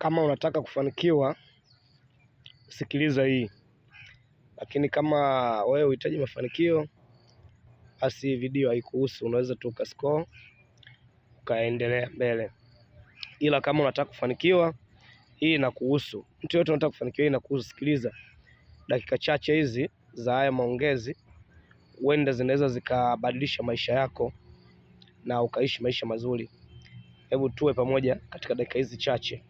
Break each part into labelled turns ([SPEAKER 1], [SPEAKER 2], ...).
[SPEAKER 1] Kama unataka kufanikiwa, sikiliza hii, lakini kama wewe uhitaji mafanikio, basi video haikuhusu. Unaweza tu ukascroll ukaendelea mbele, ila kama unataka kufanikiwa, hii inakuhusu. Mtu yote anataka kufanikiwa, hii inakuhusu. Sikiliza dakika chache hizi za haya maongezi, huenda zinaweza zikabadilisha maisha yako na ukaishi maisha mazuri. Hebu tuwe pamoja katika dakika hizi chache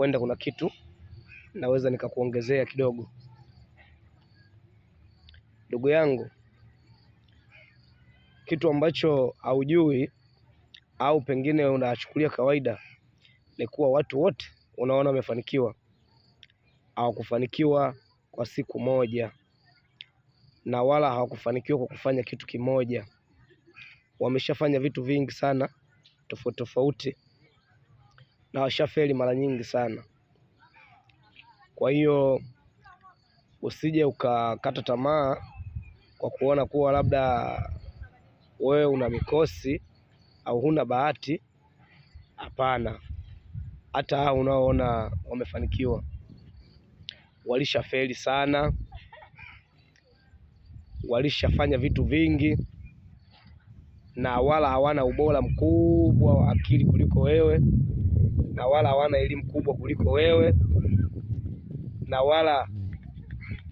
[SPEAKER 1] huenda kuna kitu naweza nikakuongezea kidogo. Ndugu yangu, kitu ambacho haujui au pengine unachukulia kawaida ni kuwa watu wote unaona wamefanikiwa hawakufanikiwa kwa siku moja, na wala hawakufanikiwa kwa kufanya kitu kimoja. Wameshafanya vitu vingi sana tofauti tofauti na washafeli mara nyingi sana. Kwa hiyo usije ukakata tamaa kwa kuona kuwa labda wewe una mikosi au huna bahati. Hapana, hata hao unaoona wamefanikiwa walishafeli sana, walishafanya vitu vingi na wala hawana ubora mkubwa wa akili kuliko wewe na wala hawana elimu kubwa kuliko wewe na wala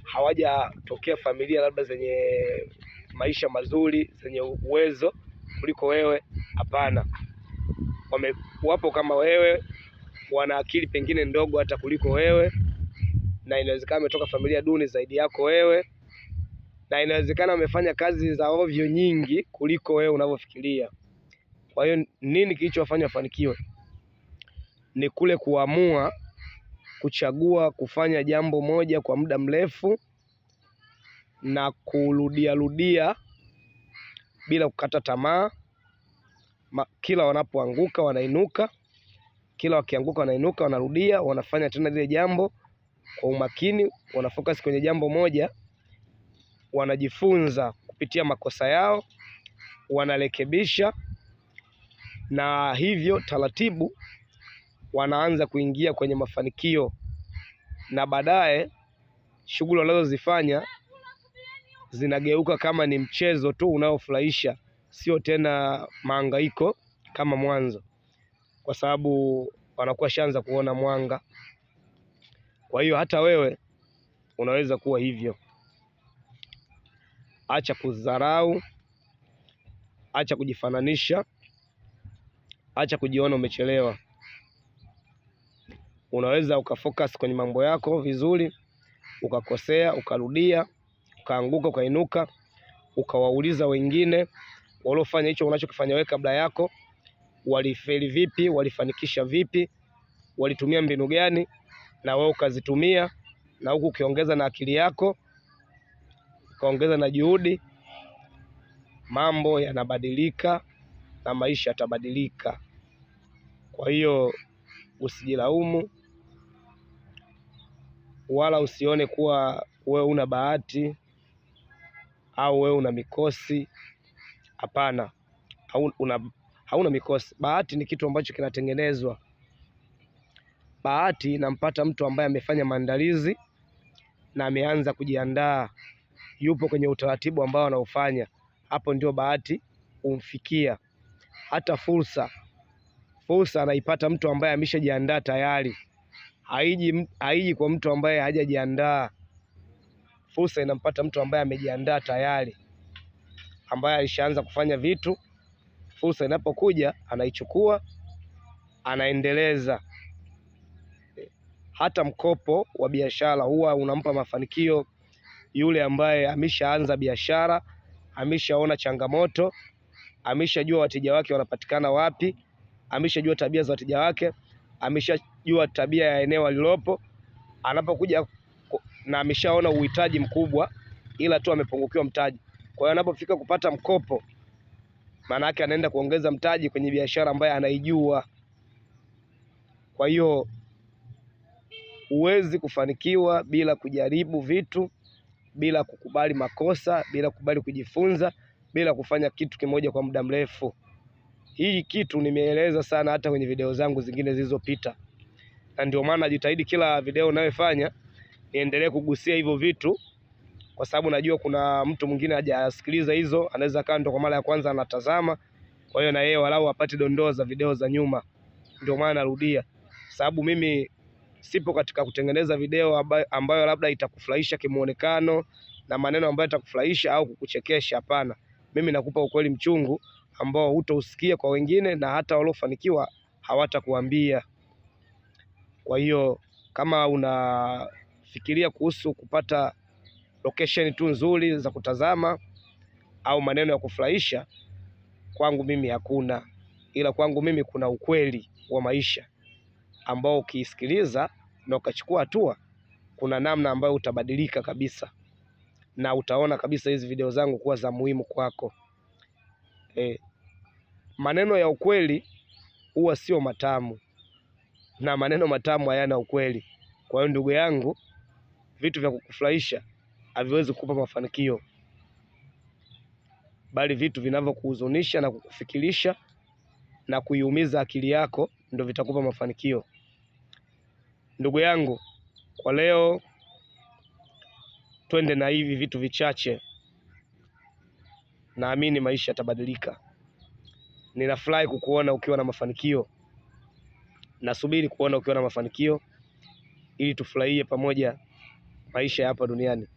[SPEAKER 1] hawajatokea familia labda zenye maisha mazuri zenye uwezo kuliko wewe. Hapana, wapo kama wewe, wana akili pengine ndogo hata kuliko wewe, na inawezekana wametoka familia duni zaidi yako wewe, na inawezekana wamefanya kazi za ovyo nyingi kuliko wewe unavyofikiria. Kwa hiyo nini kilichowafanya wafanikiwe? ni kule kuamua kuchagua kufanya jambo moja kwa muda mrefu na kurudiarudia bila kukata tamaa. Kila wanapoanguka wanainuka, kila wakianguka wanainuka, wanarudia, wanafanya tena lile jambo kwa umakini, wanafocus kwenye jambo moja, wanajifunza kupitia makosa yao, wanarekebisha na hivyo taratibu wanaanza kuingia kwenye mafanikio, na baadaye shughuli wanazozifanya zinageuka kama ni mchezo tu unaofurahisha, sio tena mahangaiko kama mwanzo, kwa sababu wanakuwa shaanza kuona mwanga. Kwa hiyo hata wewe unaweza kuwa hivyo. Acha kudharau, acha kujifananisha, acha kujiona umechelewa unaweza ukafocus kwenye mambo yako vizuri, ukakosea, ukarudia, ukaanguka, ukainuka, ukawauliza wengine waliofanya hicho unachokifanya wewe kabla yako, walifeli vipi, walifanikisha vipi, walitumia mbinu gani, na wewe ukazitumia, na huku ukiongeza na akili yako, ukaongeza na juhudi, mambo yanabadilika na maisha yatabadilika. Kwa hiyo usijilaumu, wala usione kuwa wewe una bahati au wewe una mikosi. Hapana, hauna, hauna mikosi. Bahati ni kitu ambacho kinatengenezwa. Bahati inampata mtu ambaye amefanya maandalizi na ameanza kujiandaa, yupo kwenye utaratibu ambao anaofanya, hapo ndio bahati humfikia. Hata fursa, fursa anaipata mtu ambaye ameshajiandaa tayari haiji, haiji kwa mtu ambaye hajajiandaa. Fursa inampata mtu ambaye amejiandaa tayari, ambaye alishaanza kufanya vitu. Fursa inapokuja anaichukua, anaendeleza. Hata mkopo wa biashara huwa unampa mafanikio yule ambaye ameshaanza biashara, ameshaona changamoto, ameshajua wateja wake wanapatikana wapi, ameshajua tabia za wateja wake ameshajua tabia ya eneo alilopo anapokuja na ameshaona uhitaji mkubwa, ila tu amepungukiwa mtaji. Kwa hiyo anapofika kupata mkopo, maana yake anaenda kuongeza mtaji kwenye biashara ambayo anaijua. Kwa hiyo huwezi kufanikiwa bila kujaribu vitu, bila kukubali makosa, bila kukubali kujifunza, bila kufanya kitu kimoja kwa muda mrefu. Hii kitu nimeeleza sana hata kwenye video zangu zingine zilizopita, na ndio maana najitahidi kila video ninayofanya niendelee kugusia hivyo vitu, kwa sababu najua kuna mtu mwingine hajasikiliza hizo, anaweza akawa ndo kwa mara ya kwanza anatazama. Kwa hiyo na yeye walau apate dondoo za video za nyuma. Ndio maana narudia, sababu mimi sipo katika kutengeneza video ambayo labda itakufurahisha kimuonekano na maneno ambayo itakufurahisha au kukuchekesha. Hapana, mimi nakupa ukweli mchungu ambao hutausikia kwa wengine, na hata waliofanikiwa hawatakuambia. Kwa hiyo kama unafikiria kuhusu kupata location tu nzuri za kutazama au maneno ya kufurahisha, kwangu mimi hakuna, ila kwangu mimi kuna ukweli wa maisha ambao ukiisikiliza na ukachukua hatua, kuna namna ambayo utabadilika kabisa, na utaona kabisa hizi video zangu kuwa za muhimu kwako eh, maneno ya ukweli huwa sio matamu na maneno matamu hayana ukweli. Kwa hiyo ndugu yangu, vitu vya kukufurahisha haviwezi kukupa mafanikio, bali vitu vinavyokuhuzunisha na kukufikirisha na kuiumiza akili yako ndio vitakupa mafanikio. Ndugu yangu, kwa leo twende na hivi vitu vichache naamini maisha yatabadilika. Ninafurahi kukuona ukiwa na mafanikio, nasubiri kuona ukiwa na mafanikio ili tufurahie pamoja maisha ya hapa duniani.